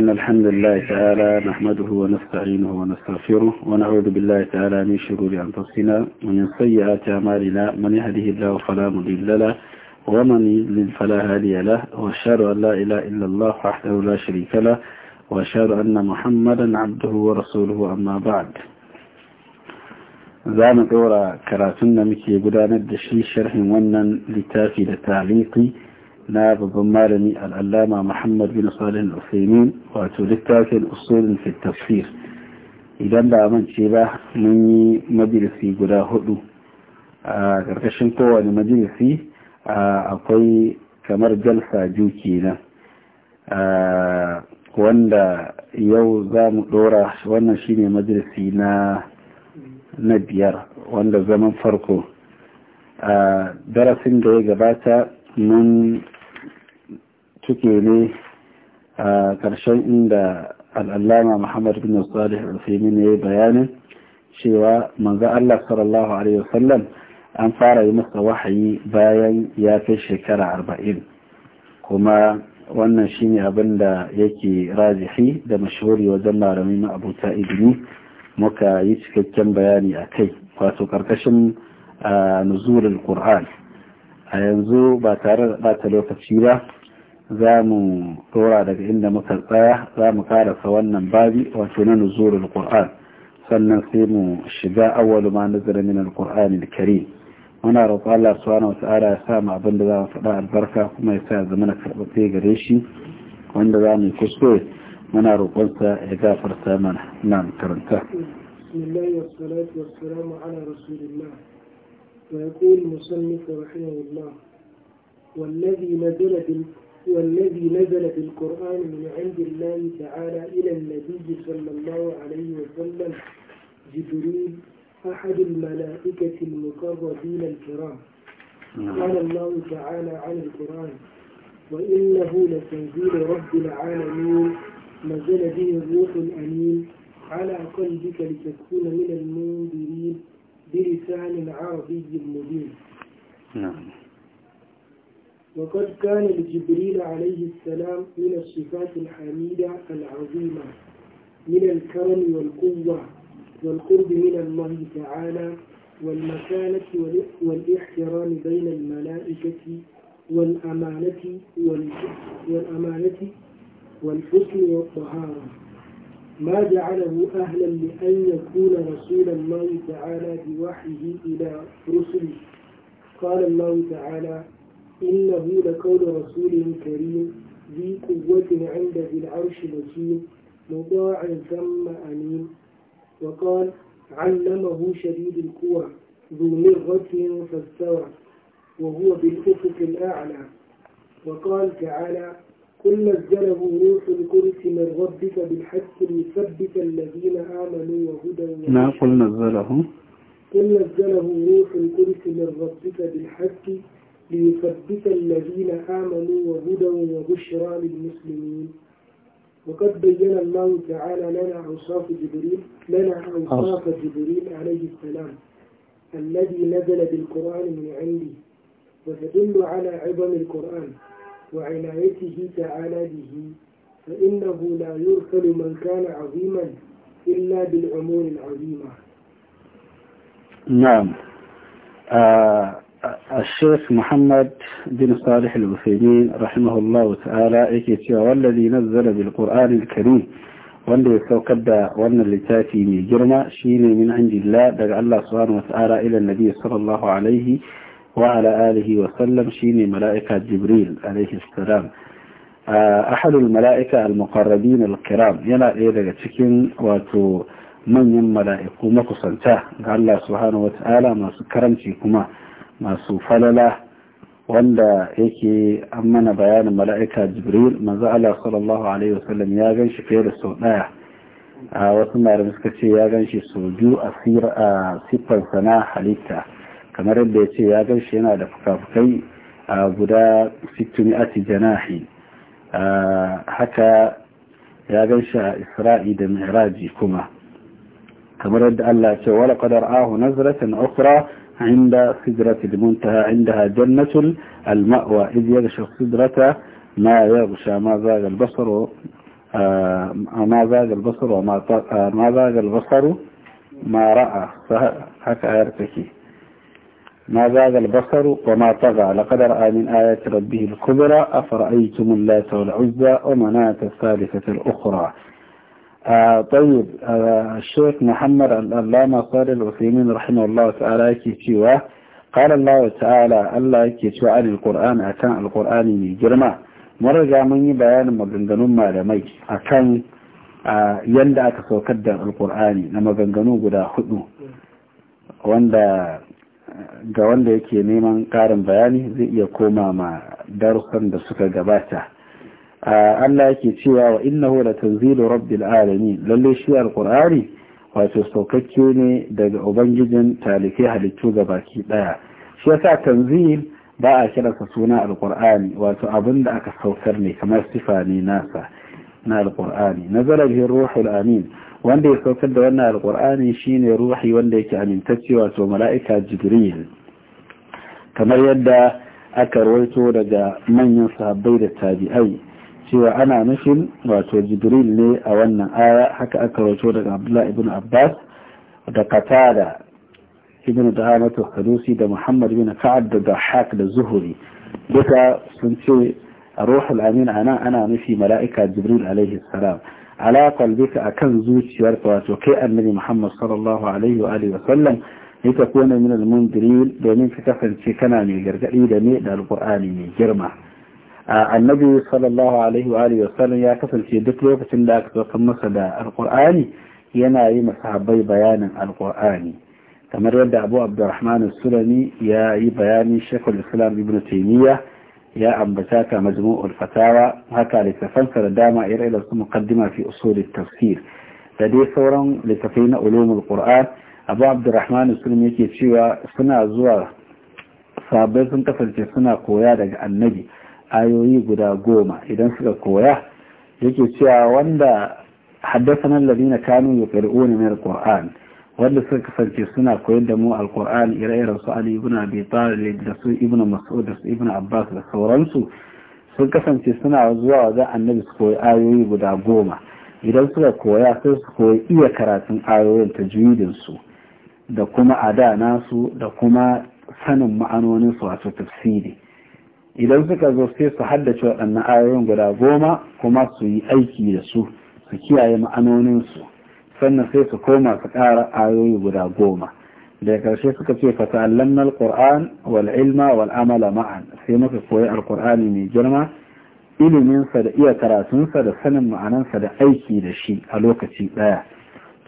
إن الحمد لله تعالى نحمده ونستعينه ونستغفره ونعوذ بالله تعالى من شرور أنفسنا ومن سيئات أعمالنا من يهده الله فلا مضل له ومن يضلل فلا هادي له وأشهد أن لا إله إلا الله وحده لا شريك له وأشهد أن محمدا عبده ورسوله أما بعد زعمت أورا كراتنا مكي قدانت دشي شرح ونن لتافي لتعليقي na babban malami al'allama muhammad bin salih al wato littafin usulun fi tafsir idan ba mance ba mun yi majalisi guda hudu a karkashin kowane majalisi akwai kamar jalsa juki nan wanda yau za mu wannan shine majalisi na na biyar wanda zaman farko a darasin da ya gabata mun suke ne a ƙarshen inda al'allama Muhammad bin Salih Al-Faymin ya yi bayanin cewa manzo Allah sallallahu alaihi wasallam an fara yi masa wahayi bayan ya kai shekara arba'in kuma wannan shine abin da yake rajihi da mashahuri wajen malamai na abuta ibini muka yi cikakken bayani a kai wato karkashin nuzulul qur'an a yanzu ba tare da ɓata lokaci ba za mu tsora daga inda muka tsaya za mu karasa wannan babi wato na nuzurul qur'an sannan sai mu shiga awwalu ma nazara min alqur'an alkarim muna roƙon Allah subhanahu wata'ala ya sa mu abin da za mu faɗa albarka kuma ya sa ya zama na karɓaɓɓe gare shi wanda za mu kuskure muna roƙonsa ya gafarta mana nan karanta بسم الله والصلاة والسلام على رسول الله ويقول المصنف والذي نزل والذي نزل بالقرآن من عند الله تعالى إلى النبي صلى الله عليه وسلم جبريل أحد الملائكة المقربين الكرام نعم. قال الله تعالى عن القرآن وإنه لتنزيل رب العالمين نزل به الروح الأمين على قلبك لتكون من المنذرين بلسان عربي مبين نعم وقد كان لجبريل عليه السلام من الصفات الحميدة العظيمة من الكرم والقوة والقرب من الله تعالى والمكانة والاحترام بين الملائكة والأمانة والأمانة والحسن والطهارة ما جعله أهلا لأن يكون رسول الله تعالى بوحيه إلى رسله قال الله تعالى إنه لقول رسول كريم ذي قوة عند ذي العرش مكين مطاع ثم أمين وقال علمه شديد القوى ذو مرة فاستوى وهو بالأفق الأعلى وقال تعالى قل نزله روح القدس من ربك بالحق ليثبت الذين آمنوا وهدى ما قل نزله قل نزله روح القدس من ربك بالحق ليثبت الذين آمنوا وهدى وبشرى للمسلمين وقد بين الله تعالى لنا أوصاف جبريل لنا أوصاف جبريل عليه السلام الذي نزل بالقرآن من عنده وتدل على عظم القرآن وعنايته تعالى به فإنه لا يرسل من كان عظيما إلا بالأمور العظيمة نعم آه الشيخ محمد بن صالح الوثيمين رحمه الله تعالى يكي والذي نزل بالقرآن الكريم wanda ya saukar da wannan littafi mai girma shine min indillah daga Allah subhanahu wa ta'ala ila nabi sallallahu alaihi wa ala wa sallam shine mala'ika jibril alaihi salam ahadul mala'ika al-muqarrabin al-kiram yana ɗaya daga cikin wato manyan mala'iku makusanta ga Allah wa ta'ala masu karamci kuma masu falala wanda yake an mana bayanin mala'ika jibril manzo Allah sallallahu alaihi wasallam ya gan shi fiye da sau ɗaya a wasu malamai suka ce ya gan shi sau biyu a siffarsa na halitta kamar yadda ya ce ya gan shi yana da fukafukai a guda sittuni a janahi haka ya gan shi a isra'i da miraji kuma kamar yadda Allah ce wala qadar ahu na ukra عند سدرة المنتهى عندها جنة المأوى إذ يغشى السدرة ما يغشى ما زاغ البصر آه ما زاغ البصر وما آه ما زاغ البصر ما رأى فهكا يرتكي ما زاغ البصر وما طغى لقد رأى من آيات ربه الكبرى أفرأيتم اللات والعزى ومناة الثالثة الأخرى طيب الشيخ محمد الألامة قال العثيمين رحمه الله تعالى كيشيوه قال الله تعالى الله كيشيوه kur'ani akan أكان mai girma جرمه mararga mun yi bayanin maganganun malamai a kan yadda aka saukar da alkur'ani na maganganu guda hudu ga wanda yake neman ƙarin bayani zai iya koma ma darussan da suka gabata Allah yake cewa wa inna la tanzilu rabbil alamin lalle shi alqur'ani wato saukakke ne daga ubangijin talikai halittu ga baki daya shi yasa tanzil ba a kiransa suna alqur'ani wato abin da aka saukar ne kamar sifa ne nasa na alqur'ani nazala bihi ruhul amin wanda ya saukar da wannan alqur'ani shine ruhi wanda yake amintacce wato mala'ika jibril kamar yadda aka rawaito daga manyan sahabbai da tabi'ai cewa ana nufin wato jibril ne a wannan aya haka aka rawaito daga abdullahi ibn abbas da qatada ibn da'amatu hadusi da muhammad bin ka'ab da dahak da zuhuri duka sun ce ruhul amin ana ana nufi mala'ika jibril alaihi salam ala a kan zuciyarka wato kai annabi muhammad sallallahu alaihi wa alihi wa sallam yake kona min al-mundirin domin ka kasance kana mai gargadi da ne da alqur'ani mai girma آه، النبي صلى الله عليه وآله وسلم يكفل في دكتوك سنلاك تقمص دا القرآن ينايم صحابي بيانا القرآن تمرد أبو عبد الرحمن السلمي يا أي بياني شيخ الإسلام ابن تيمية يا أنبتاك مجموع الفتاوى هكا لتفنسر داما إلى المقدمة في أصول التفسير لدي صورا لتفين علوم القرآن أبو عبد الرحمن السلمي يكي تشيوى سنة زوى صحابي سنكفل في سنة قوية النبي ayoyi guda goma idan suka koya yake cewa wanda haddasa nan ladina kanu ya ƙar'uni min alƙur'an wanda suka kasance suna koyar da mu alƙur'an ire-iren su ali ibn abi talib da su ibn mas'ud da su ibn abbas da sauransu sun kasance suna zuwa wajen annabi su koyi ayoyi guda goma idan suka koya sai su koyi iya karatun ayoyin ta su da kuma da nasu da kuma sanin ma'anoninsu wato tafsiri idan suka zo sai su haddace waɗannan ayoyin guda goma kuma su yi aiki da su su kiyaye ma'anoninsu sannan sai su koma su ƙara ayoyi guda goma da karshe suka ce fata'allamna alquran wal ilma wal amala ma'an sai muka koyi alqur'ani mai girma iliminsa da iya karatunsa da sanin ma'anansa da aiki da shi a lokaci ɗaya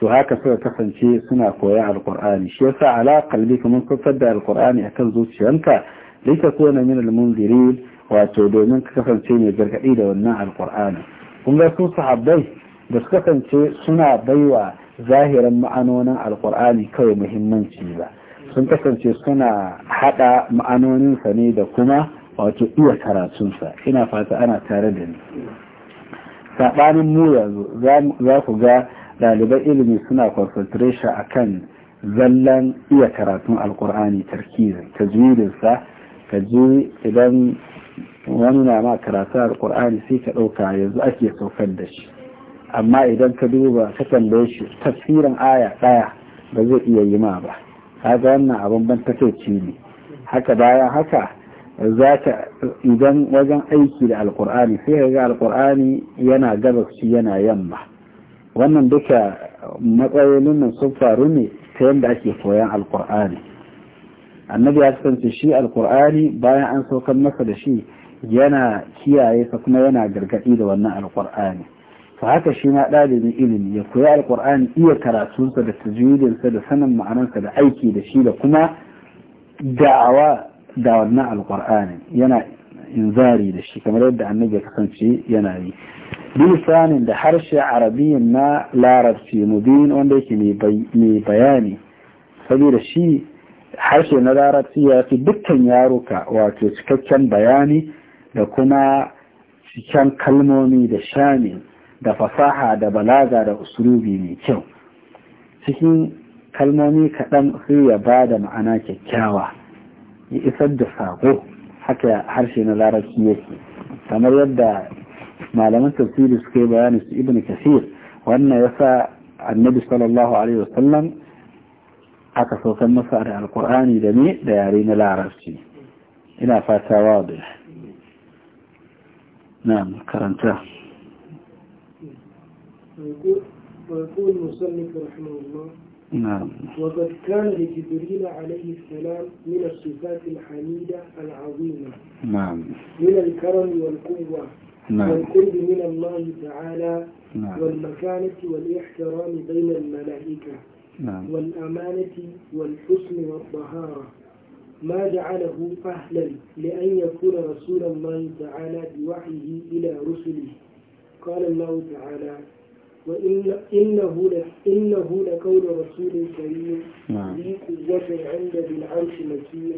to haka suka kasance suna koya alqur'ani shi yasa ala qalbi kuma kun da alqur'ani akan zuciyarka. litakuna min almunzirin wato domin ka kasance mai gargadi da wannan alqur'ani kun ga su sahabbai da suka kasance suna baiwa zahirin ma'anonin alqur'ani kawai muhimmanci ba sun kasance suna haɗa ma'anoninsa ne da kuma wato iya karatunsa ina fata ana tare da ni saɓanin mu yanzu za ku ga ɗaliban ilimi suna concentration akan zallan iya karatun alkur'ani tarkizin tajwidinsa ka je idan wani na ma karatu alkur'ani sai ka ɗauka yanzu ake saukar da shi amma idan ka duba ka tambaye shi tafsirin aya ɗaya ba zai iya yi ma ba kaga wannan abin ban takaici ne haka bayan haka za ka idan wajen aiki da alkur'ani sai ka ga alkur'ani yana gabashi yana yamma wannan duka matsayolin nan sun faru ne ta yadda ake koyan alkur'ani annabi ya kasance shi alkur'ani bayan an saukar masa da shi yana kiyaye sa kuma yana gargaɗi da wannan alkur'ani to haka shi ma ɗalibin ilimi ya koyi alkur'ani iya karatunsa da sujudinsa da sanin ma'anarsa da aiki da shi da kuma da'awa da wannan alkur'ani yana inzari da shi kamar yadda annabi ya kasance yana yi bilisanin da harshe arabiyin na larabci mubin wanda yake mai bayani saboda shi harshe na larabci ya fi dukkan yaruka wato cikakken bayani da kuma cikin kalmomi da shani da fasaha da balaga da usulubi mai kyau cikin kalmomi kaɗan sai ya ba da ma'ana kyakkyawa ya isar da saƙo haka harshe na larabci yake kamar yadda malaman tafsiri suka yi bayani su ibn kasir wannan yasa annabi sallallahu alaihi wasallam aka saukar masa da alkur'ani da ne da yare na larabci ina fata wadu na karanta ويقول مصنف رحمه الله نعم وقد كان لجبريل عليه السلام من الصفات الحميدة العظيمة نعم من الكرم والقوة نعم والقرب من الله تعالى نعم والمكانة والاحترام بين الملائكة والأمانة والحسن والطهارة ما جعله أهلا لأن يكون رسول الله تعالى بوحيه إلى رسله قال الله تعالى وإنه إنه لقول رسول كريم ذي قوة عند ذي العرش مكين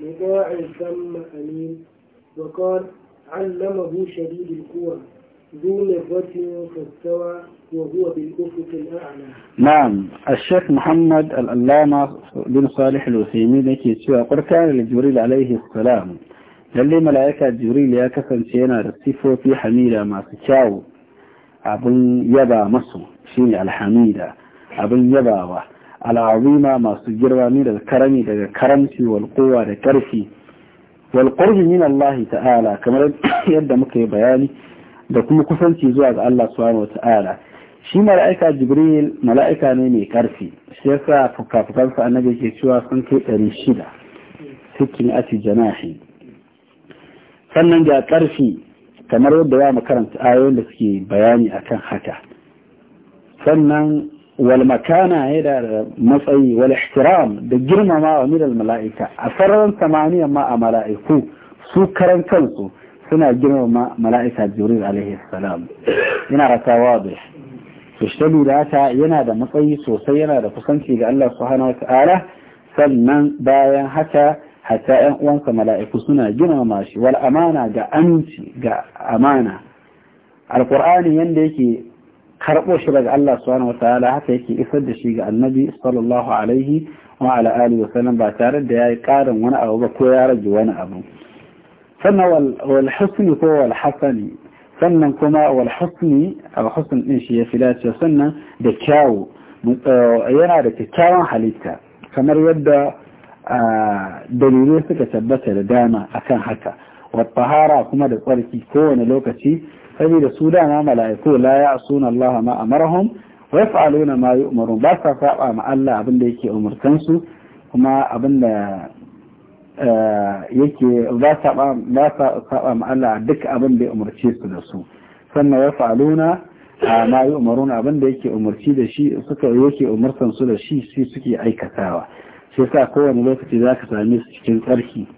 مطاع ثم أمين وقال علمه شديد القوى دون الرجل فاستوى وهو بالأفق الأعلى نعم الشيخ محمد الألامة بن صالح الوثيمين كي سوى قرتان الجبريل عليه السلام قال لي ملايكة الجبريل يا كفن سينا رسيفو في حميده ما سكاو أبن يبا مصر شيني الحميلة أبن يبا العظيمة ما سجروا من الكرم لك كرمتي والقوة لكرفي والقرب من الله تعالى كما يبدأ مكي بياني da kuma kusanci zuwa ga Allah subhanahu wata'ala shi mala'ika jibril mala'ika ne mai karfi shi yasa fuka sa annabi ke cewa sun kai ɗari shida cikin ati janahi sannan da karfi kamar yadda za mu karanta ayoyin da suke bayani akan haka sannan wal makana yana matsayi wal ihtiram da girmamawa wa milal mala'ika a sararin samaniya ma a mala'iku su karan kansu suna girmama mala'ika jibril alaihi salam ina rata wadih su shi yana da matsayi sosai yana da kusanci ga Allah subhanahu wataala sannan bayan haka hatta ƴan uwansa mala'iku suna girmama shi wal amana ga aminci ga amana alkur'ani yanda yake karɓo shi daga Allah subhanahu wataala haka yake isar da shi ga annabi sallallahu alaihi wa ala alihi wa sallam ba tare da yayi ƙarin wani abu ba ko ya rage wani abu sannan walhusni ko walhassani sannan kuma walhusni alhusn ɗin shi ya fi dace sannan da kyawu eh, yana da kyakkyawan halitta kamar yadda ah, dalilai suka tabbata da dama akan haka wattahara kuma da tsarki kowane lokaci saboda su dama mala'iku la ya'suna Allah ma amarahum wa yaf'aluna ma yu'marun ba sa saba ma Allah abin da yake umurtan kuma abin da Eh, yake ba saba ma Allah duk abin da ya umarce su da su sannan ya faluna a eh, ma yi umarun abin da yake umarci da shi suka yake umarsan su da shi shi suke aikatawa shi sa kowane lokaci za ka same su cikin tsarki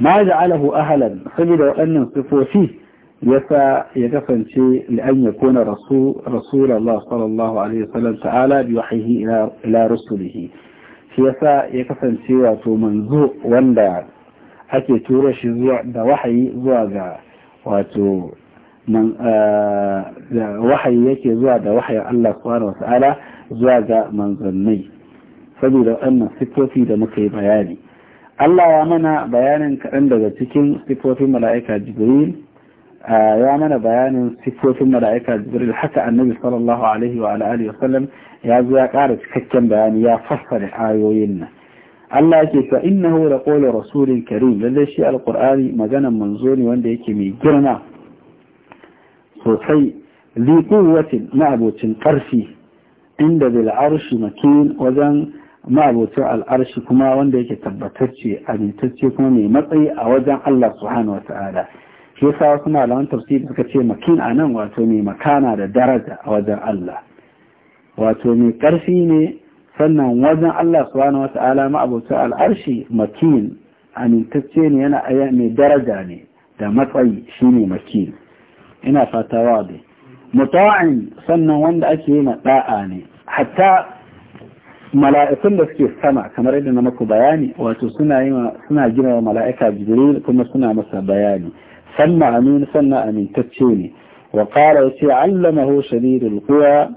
ma ja'alahu ahalan saboda waɗannan sifofi yasa ya kasance li'an ya kona rasul sallallahu alaihi wasallam ta'ala bi wahihi ila rusulihi shi yasa ya kasance wato manzo wanda ake tura shi zuwa da wahayi zuwa ga wato man wahayi yake zuwa da wahayin Allah subhanahu wa ta'ala zuwa ga manzannai saboda wannan sifofi da muka yi bayani Allah ya mana bayanin kaɗan daga cikin sifofin mala'ika Jibril ya mana bayanin siffofin mala'ika jibril haka annabi sallallahu alaihi wa alihi wa sallam ya zo ya ƙara cikakken bayani ya fassara ayoyin nan Allah ke fa innahu la ƙola rasulin karim lalle shi alqur'ani maganan manzo ne wanda yake mai girma sosai li quwwatin ma'abocin ƙarfi inda bil arshi makin wajen ma'abocin al'arshi kuma wanda yake tabbatacce abintacce kuma mai matsayi a wajen Allah subhanahu wa ta'ala shi yasa wasu malaman tafsiri suka ce makin a nan wato mai makana da daraja a wajen Allah wato mai ƙarfi ne sannan wajen Allah subhanahu wata'ala ma'abuta al'arshi makin amintacce ne yana aya mai daraja ne da matsayi shine makin ina fata wa dai muta'in sannan wanda ake yi ɗa'a ne hatta mala'ikun da suke sama kamar yadda na maku bayani wato suna yi suna gina wa mala'ika jibril kuma suna masa bayani sanna amin sanna amintacce ne wa ƙara ya ce allamahu shadidul quwa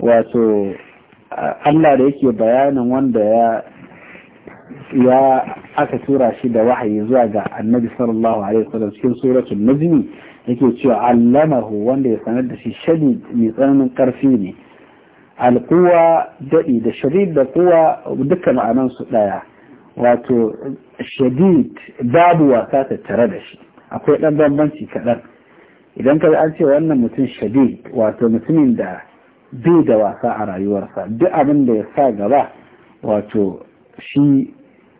wato Allah da yake bayanin wanda ya ya aka tura shi da wahayi zuwa ga annabi sallallahu alaihi wasallam cikin suratul najmi yake cewa allamahu wanda ya sanar da shi shadi mai tsananin karfi ne alquwa dadi da shadid da quwa duka ma'anan su daya wato shadid babu wasa tattare da shi akwai ɗan bambanci kaɗan idan ka an ce wannan mutum shadid wato mutumin da bai da wasa a rayuwarsa duk abin da ya sa gaba wato shi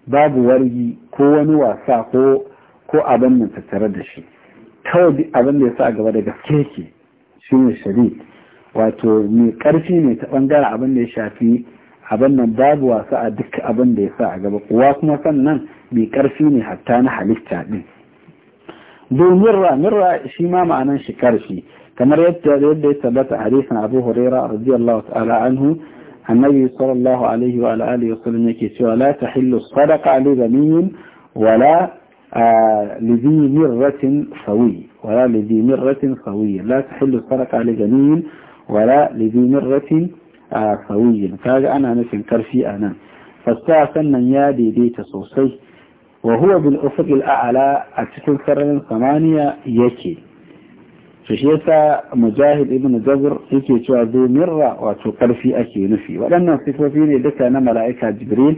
babu wargi ko wani wasa ko ko abin da tattare da shi kawai duk abin da ya sa gaba da gaske yake shi ne shadid wato mai ƙarfi ne ta ɓangaren abin da ya shafi abin nan babu wasa a duk abin da ya sa a gaba kuwa kuma sannan mai ƙarfi ne hatta na halitta ɗin دون مرة مرة شيء ما معنى شكر شيء كما يدى ثبت حديثا أبو هريرة رضي الله تعالى عنه النبي صلى الله عليه وعلى آله وسلم يكسوا لا تحل الصدقة لذني ولا آه، لذي مرة سوي ولا لذي مرة سوي لا تحل الصدقة لذني ولا لذي مرة آه، سوي كاج أنا نسين كرشي أنا فاستعفن من يادي ديت صوصيه wa huwa bil ufuqil a'la a cikin sararin samaniya yake to shi yasa mujahid ibn jabr yake cewa zo mirra wato karfi ake nufi waɗannan sifofi ne duka na mala'ika jibril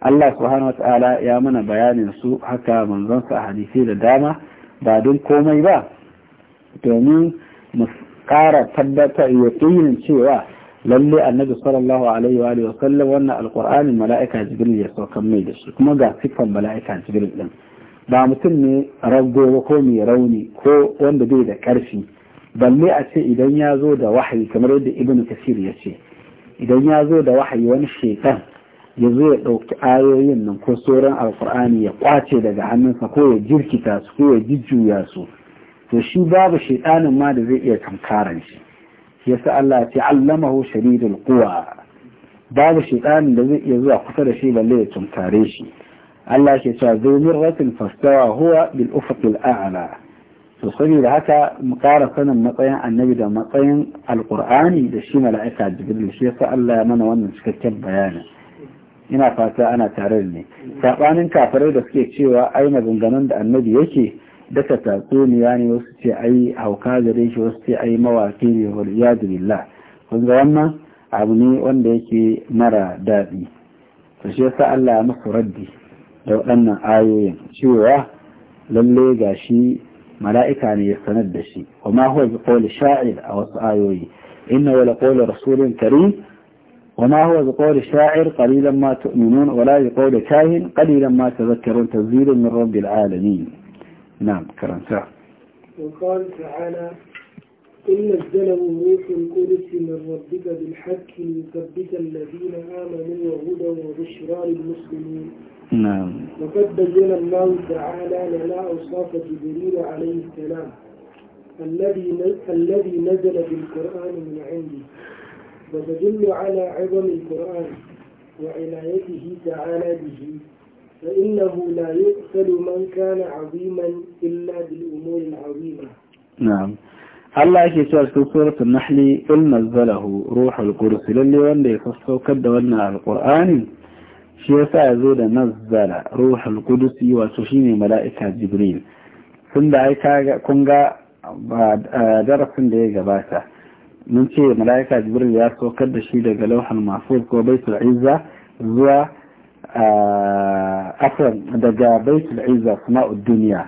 Allah subhanahu wata'ala ya mana bayanin su haka manzon sa hadisi da dama ba don komai ba domin mu ƙara tabbata yaƙinin cewa lalle annabi sallallahu alaihi wa alihi wasallam wannan alqur'ani mala'ika jibril ya saukan mai da shi kuma ga siffan mala'ika jibril din ba mutum ne rago ko mai rauni ko wanda bai da karfi balle a ce idan ya zo da wahayi kamar yadda ibnu kasir ya ce idan ya zo da wahayi wani shekan ya zo ya ɗauki ayoyin nan ko sauran alkur'ani ya kwace daga hannunsa ko ya jirkita su ko ya jujjuya su to shi babu shaiɗanin ma da zai iya tankaran shi yasa Allah ya ce allamahu shadidul quwa babu shaytanin da zai iya zuwa kusa da shi balle ya tunkare shi Allah ke cewa zai mirratin fastawa huwa bil ufuqil a'la to saboda haka mu ƙara sanin matsayin annabi da matsayin alqur'ani da shi mala'ika jibril shi yasa Allah ya mana wannan cikakken bayanin ina fata ana tare ne sabanin kafirai da suke cewa ai maganganun da annabi yake daka tatsuniya ne wasu ce ai hauka gare shi wasu ce ai mawaki ne wal iyadu billah kun ga wannan abu ne wanda yake mara daɗi to shi yasa Allah ya masa raddi da waɗannan ayoyin cewa lalle ga shi mala'ika ne ya sanar da shi wa ma huwa bi qawli sha'ir a wasu ayoyi inna wala qawli rasulin karim وما هو بقول شاعر قليلا ما تؤمنون ولا بقول كاهن قليلا ما تذكرون تنزيل من رب العالمين نعم سعر وقال تعالى إن نزله روح القدس من ربك بالحق ليثبت الذين آمنوا وهدى وبشرى للمسلمين نعم وقد بين الله تعالى لنا أوصاف جبريل عليه السلام الذي الذي نزل بالقرآن من عنده وتدل على عظم القرآن وعنايته تعالى به فإنه لا يقتل من كان عظيما إلا بالأمور العظيمة نعم Allah yake cewa cikin suratul Nahl in nazzalahu ruhul qudus lalle wanda ya saukar da wannan alqur'ani shi yasa ya zo da nazzala ruhul qudus wato shine mala'ika jibril tunda ai kaga kun ga darasin da ya gabata mun ce mala'ika jibril ya saukar da shi daga lauhul mahfuz ko baitul izza zuwa afwan daga baitul izza sama'ud duniya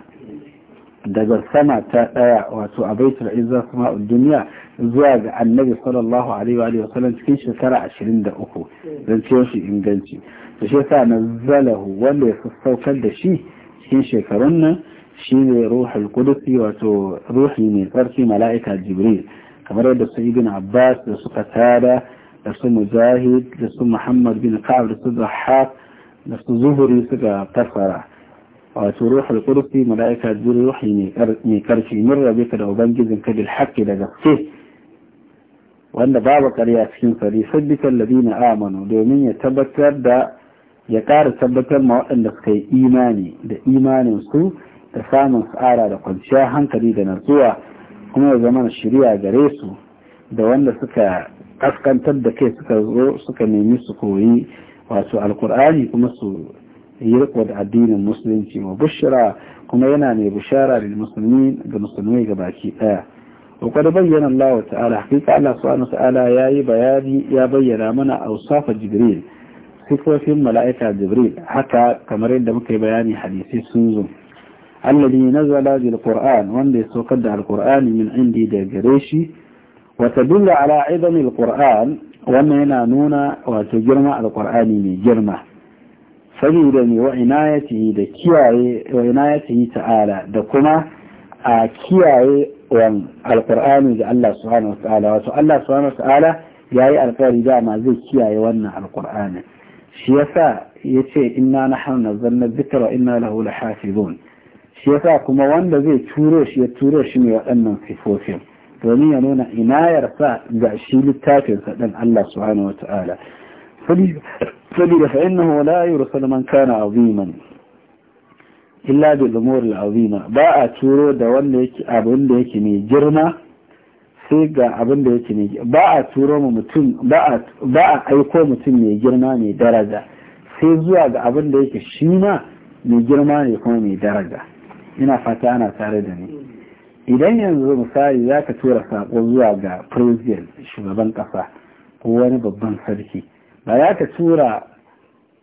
daga sama ta daya wato a baitul izza sama'ud duniya zuwa ga annabi sallallahu alaihi wa sallam cikin shekara 23 dan ce shi inganci to shi yasa nazzalahu wanda ya saukar da shi cikin shekarun nan shine ruhul qudusi wato ruhi mai tsarki mala'ika jibril kamar yadda su ibn abbas da suka tada da su mujahid da su muhammad bin ka'ab da su zahab da su zuhuri suka fassara wato ruhul qudsi malaika jiru ruhi mai karfi min rabe ka da ubangijin ka bil haqqi da gaske wanda babu ƙarya cikin sari sabbitan ladina amanu domin ya tabbatar da ya ƙara tabbatar ma waɗanda suka yi imani da imanin su da samun tsara da kwanciyar hankali da natsuwa kuma ya zama shirya gare su da wanda suka kaskantar da kai suka zo suka nemi su koyi wato القرآن kuma su yi الدين المسلم في مبشرة كما ينعني بشارة للمسلمين بمسلمين كباكي آه وقد بين الله تعالى حقيقة على سؤال وتعالى يا بياني يا بينا منا أوصاف جبريل صفوة ملائكة جبريل حتى كمرين دمك بياني حديثي سنزم الذي نزل بالقرآن واندي سوقد القرآن من عندي جريشي وتدل على عظم القرآن wannan yana nuna wato girma alkur'ani mai girma saboda ne wa inayatihi da kiyaye wa inayatihi ta'ala da kuma a kiyaye wan alkur'ani da Allah subhanahu wataala wato Allah subhanahu wataala ya yi alkawari dama zai kiyaye wannan alkur'ani shi yasa yace inna nahnu nazzalna dhikra wa inna lahu lahafizun shi yasa kuma wanda zai turo shi ya turo shi ne waɗannan sifofin domin ya nuna inayarsa ga shi littafinsa ɗin Allah subhanahu wa ta'ala saboda fa'innahu la yursalu man kana aziman illa bil umur al azima ba a turo da wanda yake abin da yake mai girma sai ga abin da yake mai ba a turo mu mutum ba a aiko mutum mai girma mai daraja sai zuwa ga abin da yake shi ma mai girma ne kuma mai daraja ina fata ana tare da ni idan yanzu misali za ka tura saƙo zuwa ga president shugaban ƙasa ko wani babban sarki ba za ka tura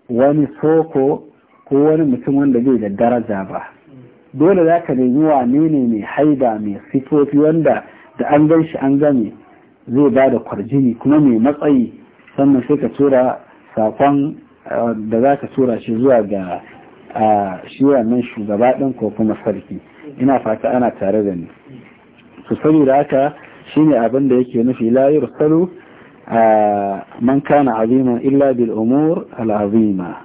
wani soko ko wani mutum wanda zai da daraja ba dole za ka nemi wane ne mai haida mai sifofi wanda da an gan shi an gane zai ba da kwarjini kuma mai matsayi sannan sai ka tura saƙon eh, da za ka tura shi zuwa ga ah, shi wannan shugaba ɗin ko kuma sarki ina fata ana tare da ni su da haka shine abin da yake nufi la a man kana aziman illa bil umur al azima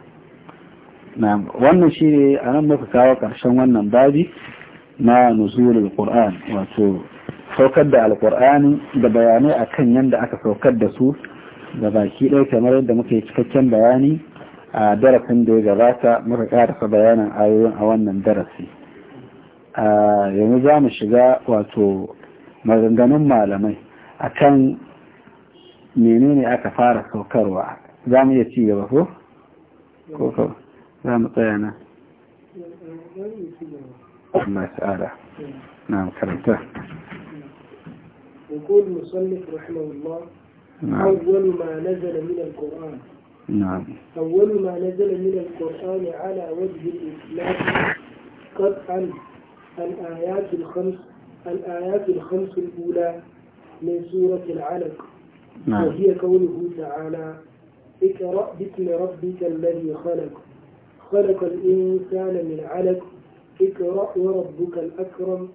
wannan shine anan muka kawo karshen wannan babi na nuzulul qur'an wato saukar da alqur'ani da bayanai akan yanda aka saukar da su da baki ɗaya kamar yadda muka yi cikakken bayani a darasin da ya gabata muka ƙarasa bayanin ayoyin a wannan darasi yanzu za mu shiga wato maganganun malamai a akan menene aka fara saukarwa za mu iya ci gaba ko? ko ko za mu tsaya na mas'ala na karanta يقول المصنف رحمه الله نعم. أول ما نزل من القرآن نعم. أول ما نزل من القرآن على وجه الإسلام قطعا الآيات الخمس الآيات الخمس الأولى من سورة العلق نعم. وهي قوله تعالى اقرأ باسم ربك الذي خلق خلق الإنسان من علق اقرأ وربك الأكرم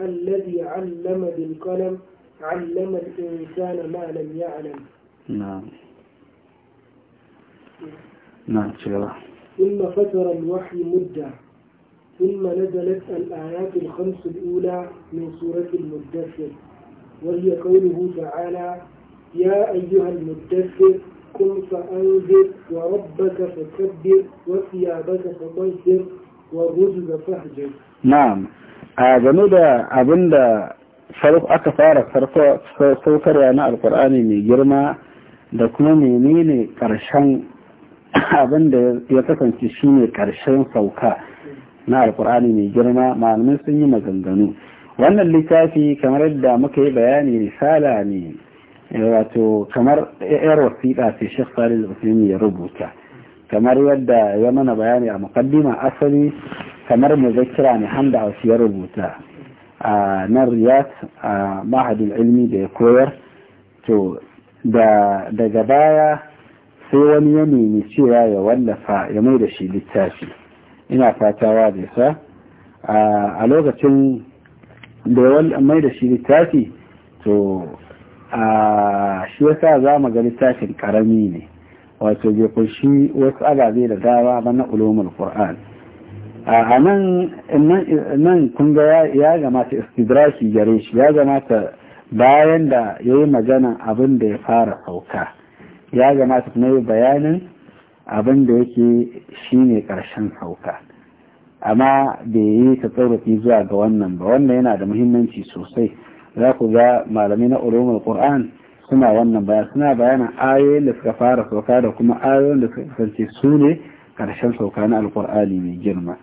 الذي علم بالقلم علم الإنسان ما لم يعلم نعم نعم, نعم، ثم فتر الوحي مدة ثم نزلت الآيات الخمس الأولى من سورة المدثر وهي قوله تعالى يا أيها المدثر قم فأنذر وربك فكبر وثيابك فطهر والرجل فاهجر نعم هذا da abin da aka fara saukarwa na alkur'ani mai girma da kuma menene karshen abin da ya kasance shine karshen sauka na alkur'ani mai girma malamai sun yi maganganu wannan littafi kamar yadda muka yi bayani risala ne eh, wato kamar yar wasiƙa ce shek salil ya rubuta kamar yadda ya mana bayani a mukaddima asali kamar muzakkira ne handa wasu ya rubuta a nan riyad a mahadin ilmi da ya koyar to daga baya sai wani ya nemi cewa ya wallafa ya mai da shi littafi ina fatawa da yasa a lokacin da ya mai da shi littafi to a shi yasa za mu ga littafin karami ne wato bai kunshi wasu ababe da dama ba na ulumul qur'an a nan nan kun ga ya ta istidraki gare shi ya gamata bayan da yayi yi magana abin da ya fara sauka ya gama ta yi bayanin abin da yake shi ne ƙarshen sauka amma bai yi ta tsaurafi zuwa ga wannan ba wannan yana da muhimmanci sosai za ku ga malami na ulumul qur'an suna wannan bayan suna bayanan ayoyin da suka fara sauka da kuma ayoyin da suka kasance su ne ƙarshen sauka na alqur'ani mai girma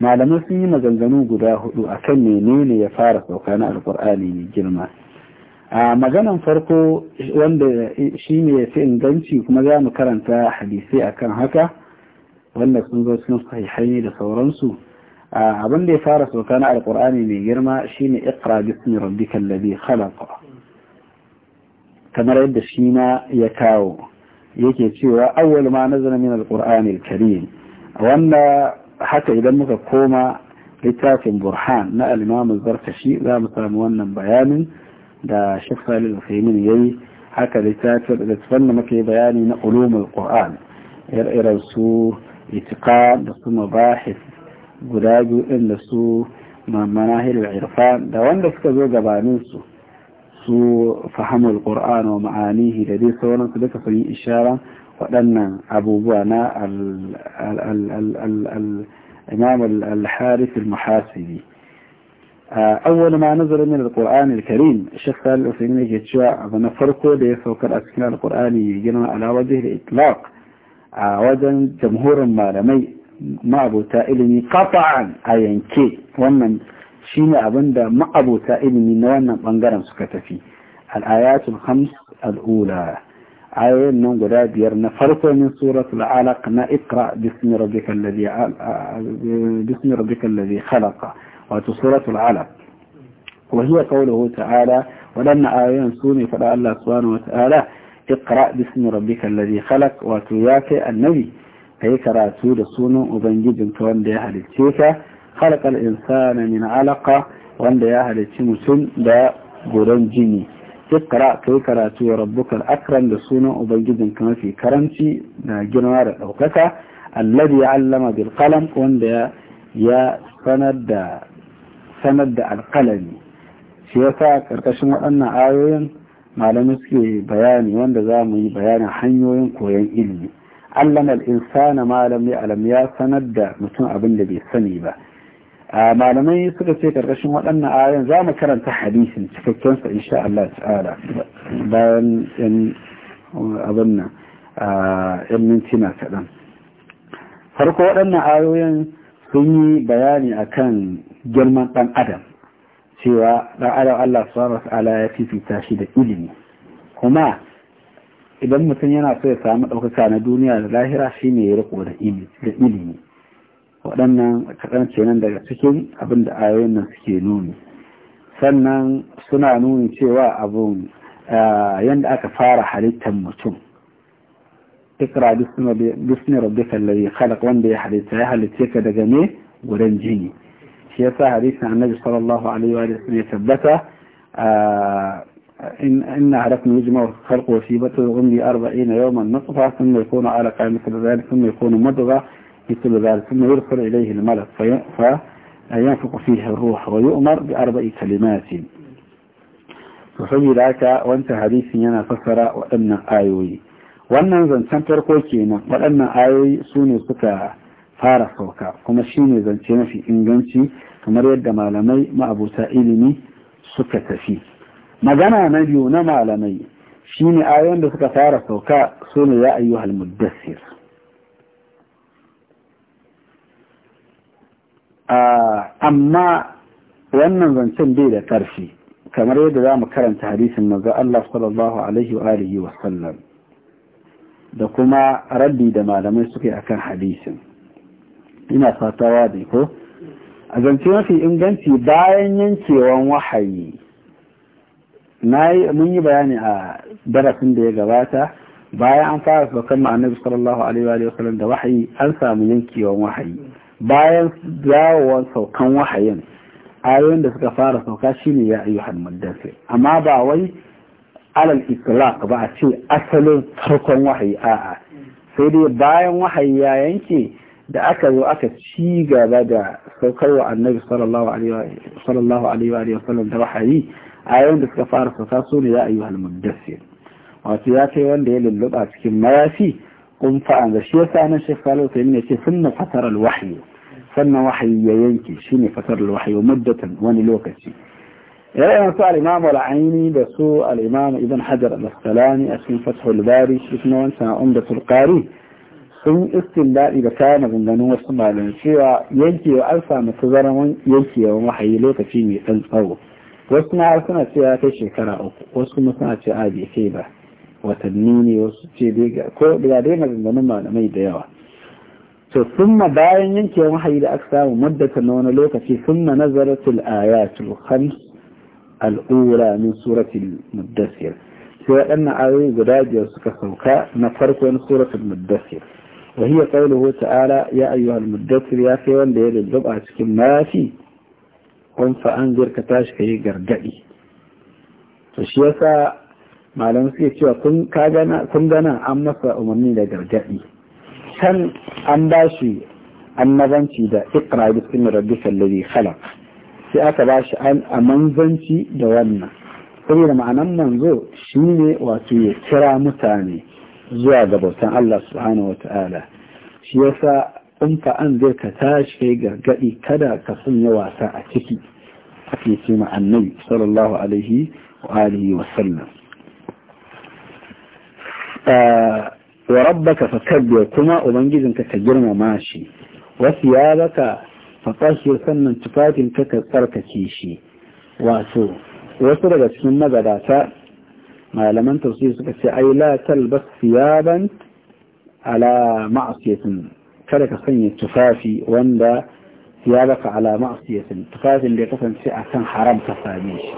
malamai sun yi maganganu guda hudu akan menene ya fara sauka na alqur'ani mai girma a maganan farko wanda shi ne ya fi inganci kuma za mu karanta hadisai akan haka wanda sun zo sun sahihai ne da sauransu abin da ya fara sauka na alkur'ani mai girma shine iqra bismi rabbikal ladhi khalaqa kamar yadda shi na ya kawo yake cewa awwal ma nazala min alqur'ani alkarim wanda haka idan muka koma littafin burhan na al-imam zarkashi za mu samu wannan bayanin da Sheikh Salih Al-Faymin yayi haka littafin da muke bayani na ulumul Qur'an irin su itiqad da su mabahis guda biyu din da su manahil irfan da wanda suka zo gabanin su su fahimul Qur'an wa ma'anihi da dai sauran su duka sun yi ishara waɗannan abubuwa na al-imam al-harith al-muhasibi al al al al al al al آه، أول ما نزل من القرآن الكريم الشيخ قال العثيمين يجي تشوى أظن فرقه ليس الأسكنة القرآنية جنوا على وجه الإطلاق عودا آه، جمهور مالمي ما أبو تائلني قطعا كي ومن شين أبندا ما أبو تائلني نوانا بانقرم في الآيات الخمس الأولى آية نوم قد نفرق من سورة العلق ما اقرأ باسم ربك الذي آه، باسم ربك الذي خلق وتصورة العلق وهي قوله تعالى ولن آيان سوني فلا الله سبحانه وتعالى اقرأ باسم ربك الذي خلق وتياك النبي أي كراتو لسونو وبنجيب كوان دي أهل خلق الإنسان من علقة وان دي أهل التيمسون دا قرن اقرأ كي كراتو ربك الأكرم لسونو وبنجيب كما في كرمتي جنوار الأوقتة الذي علم بالقلم وان يا سند sanar da alƙalami shi yasa ƙarƙashin waɗannan ayoyin malamai suke bayani wanda za mu yi bayanin hanyoyin koyon ilimi allama al'insana malami alam ya sanar da mutum abin da bai sani ba malamai suka ce ƙarƙashin waɗannan ayoyin za mu karanta hadisin cikakken sa insha Allah ta'ala bayan yan abin nan yan mintuna kaɗan farko waɗannan ayoyin sun yi bayani akan girman ɗan adam cewa ɗan adam Allah subhanahu ala ya fifita shi da ilimi kuma idan mutum yana so ya samu ɗaukaka na duniya da lahira shi ne ya riko da ilimi waɗannan kaɗan kenan daga cikin abin da ayoyin nan suke nuni sannan suna nuni cewa abun eh, yadda aka fara halittar mutum اقرأ باسم, باسم ربك الذي خلق وان بي halitta ya halitta ka daga ne wurin jini shi yasa hadisin annabi sallallahu alaihi wa sallam ya إن عرفنا يجمع الخلق وشيبته يغم لي أربعين يوما نطفة ثم يكون على مثل ذلك ثم يكون مضغة مثل ذلك ثم يرسل إليه الملك فينفق فيه الروح ويؤمر بأربع كلمات فحمي ذاك وانت حديث ينا فسر وأن آيوي wannan zancen farko kenan waɗannan ayoyi su ne suka fara sauka kuma shi ne zance mafi inganci kamar yadda malamai ma'abuta ilimi suka tafi magana na biyu na malamai shi ne ayoyin da suka fara sauka su ne ya ayyu halmuddassir amma wannan zancen bai da ƙarfi kamar yadda za mu karanta hadisin maza Allah sallallahu alaihi wa alihi wa sallam da kuma rabbi da malamai suke akan hadisin ina fatawa da ko a zance mafi inganci bayan yankewan wahayi mun yi bayani a darasin da ya gabata bayan an fara saukan ma'anar sallallahu alaihi wa sallam da wahayi an samu yankewan wahayi bayan dawowar saukan wahayin ayoyin da suka fara sauka shine ya ayyuhal muddathir amma ba wai alal itlaq ba a ce asalin farkon wahayi a'a sai dai bayan wahayi ya yanke da aka zo aka ci gaba da saukarwa annabi sallallahu alaihi wa sallam da wahayi ayoyin da suka fara sauka su ne ya ayi halmuddassir wato ya kai wanda ya lulluɓa cikin mayafi kun fa'an da shi yasa nan shekh salo sai ne ce sunna fatar alwahyi sannan wahayi ya yanke shine fatar alwahyi muddatan wani lokaci yayin su al-imam al-aini da su al-imam ibn hajar al-asqalani a cikin fathul bari shi kuma wancan umdatul qari sun istindadi da kayan maganganun wasu malamai cewa yankewa an samu tazaran yankewa wahayi lokaci mai dan tsawo wasu na suna cewa kai shekara uku wasu kuma suna ce a bai kai ba watanni ne wasu ce dai ko da dai maganganun malamai da yawa to thumma bayan yankewa wahayi da aka samu muddata na wani lokaci thumma nazaratul ayatul khams الأولى من سورة المدثر سواء أن عليه قداج يسكسوك نفرق من سورة المدثر وهي قوله تعالى يا أيها المدثر يا فيوان ليل الجبعة سكن في قم فأنذر كتاش كي قرقعي فشيسا ما لم يسكي شوى ثم دنا أمس أمني لقرقعي كان أنباشي أنبانشي ذا اقرأ باسم ربك الذي خلق sai aka ba shi a manzanci da wannan saboda ma'anan manzo shi ne wato ya kira mutane zuwa ga bautan Allah subhanahu wata'ala shi yasa in fa an zai ka tashi kai gargadi kada ka sanya wasa a ciki ake ce ma annabi sallallahu alaihi wa alihi wa sallam ah, wa rabbaka fakabbir kuma ubangijinka ka girmama shi wasu ya baka fasashiyar sannan tufafin ta tsarkake shi wato wasu daga cikin magadata malaman tafsir suka ce ai la talbas siyaban ala ma'asiyatin kada ka sanya tufafi wanda ya baka ala ma'asiyatin tufafin da ya kasance akan haram ka same shi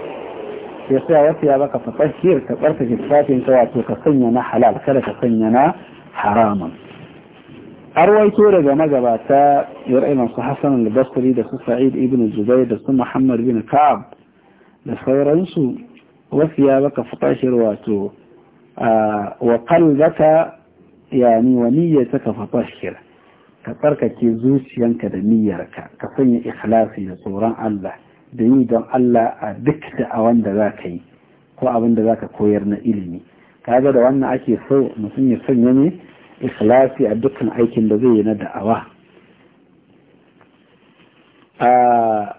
ya sa wasu ya baka fasashiyar ka tsarkake tufafin ka wato ka sanya na halal kada ka sanya na haramun arwaito daga magabata yar irin su Hassan al-Basri da su Sa'id ibn Zubair da su Muhammad bin Ka'ab da sauransu wasu ya baka fatashir wato wa ya ni wa niyyataka fatashir ka tsarkake zuciyanka da niyyarka ka sanya ikhlasi da tsoron Allah da yi don Allah a duk da a za ka yi ko abin da za ka koyar na ilimi kaga da wannan ake so mutum ya sanya ne إخلاصي أدوكنا أيكين دوزينا دعوة آه،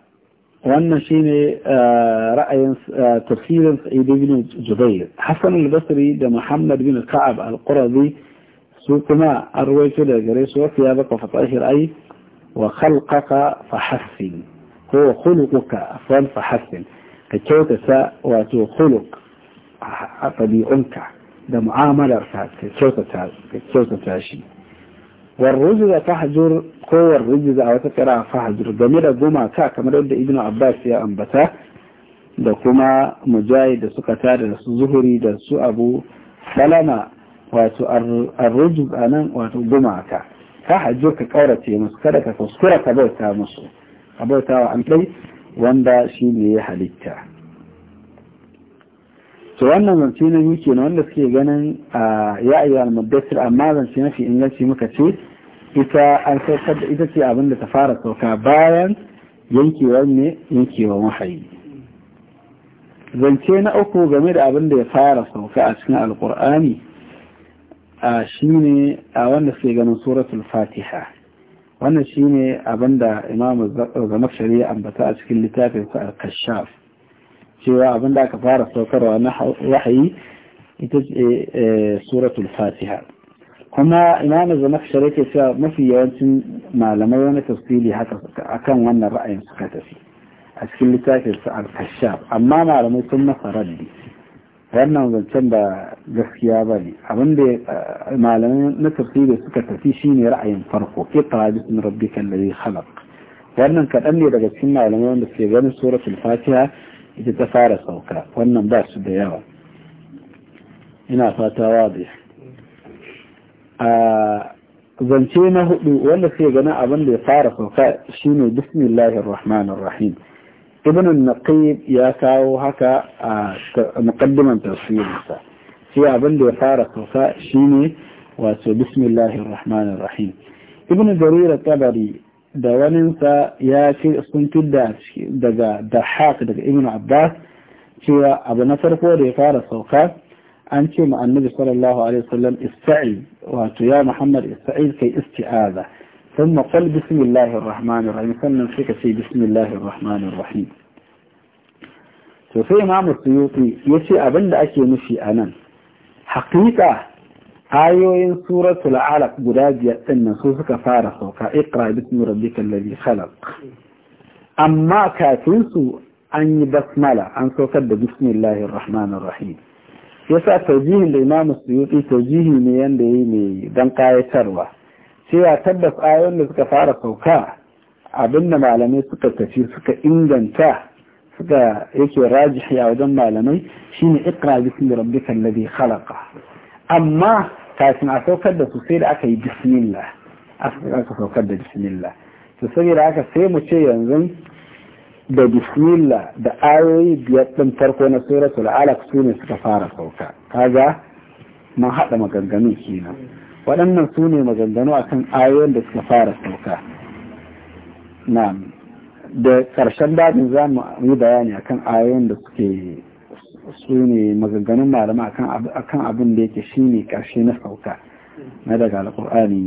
وانا شيني آه، رأي آه، تفسير سعيد بن جبير حسن البصري دا محمد بن القعب القرضي سوكما أرويت لجريس وفيابك وفطائه رأي وخلقك فحسن هو خلقك أفضل فحسن كيف تساء وتو خلق طبيعنك لمعاملة ساتة سوطة تاشي والرجزة فحجر قوة الرجزة أو تقرى فحجر دمير قوما كاك مرد ابن عباس يا أنبتا لكما مجايد سكتار زهري دسو أبو سلمة واتو الرجز أنا واتو قوما كاك فحجر كورتي مسكرك فسكرك أبوتا مصر أبوتا وأنت وندا شيء لي حليتها to wannan zance na biyu kenan wanda suke ganin ya ayyu al-muddassir amma zance mafi inganci muka ce ita an saukar da ita ce abinda da ta fara sauka bayan yankewar ne yankewar wahayi zance na uku game da abin da ya fara sauka a cikin alkur'ani a shine a wanda suke ganin suratul fatiha wannan shine abin da imamu zama ya ambata a cikin su al-kashaf شو عبنا كفارة سكر ونح وحي يتج سورة الفاتحة هما إمام زمك شريك شو ما في يوم تم ما لم يوم تفصيل حتى أكان وانا رأي مسكت فيه أشكل تاكل سعر كشاب أما ما لما يتم فرد فأنا أقول كم با جسكي أبن بي ما لما نتفصيل سكت فيه شيني رأي فرقه كي طالب من ربك الذي خلق وأنا كان أني رجل كما لما يوم تفصيل سورة الفاتحة ita ta fara sauka wannan ba su da yawa ina fata wazi a zance na hudu wanda sai gana abin da ya fara sauka shine bismillahir rahmanir rahim ibn naqib ya kawo haka a muqaddiman tafsirinsa sai abin da ya fara sauka shine wato bismillahir rahmanir rahim ibn jarir tabari دوانسا ياكي اسكنتي داش دغا دحاق دغ ابن عباس شو ابو نصر فوري قال سوقا انتي مع النبي صلى الله عليه وسلم استعيذ واتو يا محمد استعيذ كي استعاذه ثم قل بسم الله الرحمن الرحيم ثم فيك في بسم الله الرحمن الرحيم شوفي امام السيوطي يشي ابن لاكي نشي انا حقيقه ayoyin suratul alaq guda biyar din nan su suka fara sauka iqra bismi rabbikal ladhi khalaq amma kafin su an yi basmala an saukar da bismillahir rahmanir rahim yasa taujihin da imam suyuti taujihi ne yanda yayi ne dan kayatarwa cewa tabbas ayoyin da suka fara sauka abinda malamai suka tafi suka inganta suka yake rajihi a wajen malamai shine iqra bismi rabbikal ladhi khalaqa amma kafin a saukar da su sai da aka yi bismillah aka saukar da bismillah to saboda haka sai mu ce yanzu da bismillah da ayoyi biyar ɗin farko na suratul alaq su ne suka fara sauka kaga mun haɗa maganganun kenan waɗannan su ne maganganu akan ayoyin da suka fara sauka na da ƙarshen dajin za mu yi bayani akan ayoyin da suke su ne maganganun malama akan abin da yake ne karshe na sauka na daga alƙur'ani